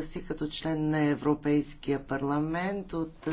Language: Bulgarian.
си като член на Европейския парламент от